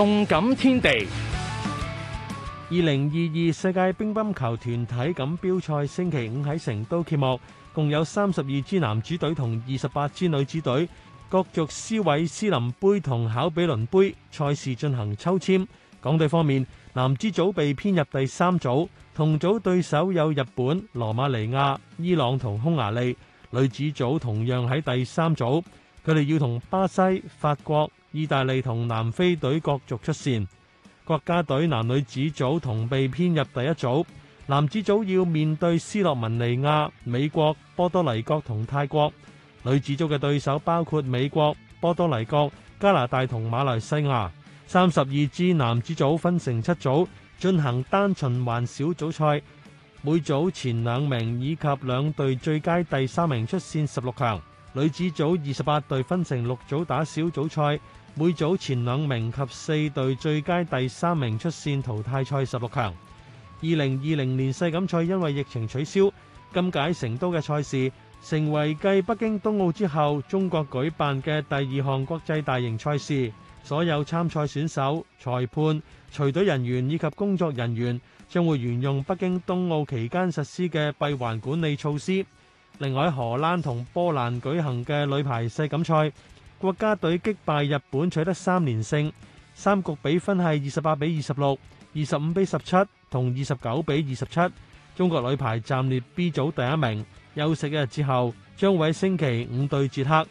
動感天地，二零二二世界乒乓球團體錦標賽星期五喺成都揭幕，共有三十二支男子隊同二十八支女子隊角逐斯韋思林杯同考比倫杯，賽事進行抽簽。港隊方面，男子組被編入第三組，同組對手有日本、羅馬尼亞、伊朗同匈牙利；女子組同樣喺第三組，佢哋要同巴西、法國。意大利同南非隊角逐出線。國家隊男女子組同被編入第一組，男子組要面對斯洛文尼亞、美國、波多黎各同泰國，女子組嘅對手包括美國、波多黎各、加拿大同馬來西亞。三十二支男子組分成七組進行單循環小組賽，每組前兩名以及兩隊最佳第三名出線十六強。女子組二十八隊分成六組打小組賽，每組前兩名及四隊最佳第三名出線淘汰賽十六強。二零二零年世錦賽因為疫情取消，今屆成都嘅賽事成為繼北京冬奧之後，中國舉辦嘅第二項國際大型賽事。所有參賽選手、裁判、隨隊人員以及工作人員將會沿用北京冬奧期間實施嘅閉環管理措施。另外荷蘭同波蘭舉行嘅女排世錦賽，國家隊擊敗日本取得三連勝，三局比分係二十八比二十六、二十五比十七同二十九比二十七。中國女排暫列 B 組第一名，休息一日之後將會星期五對捷克。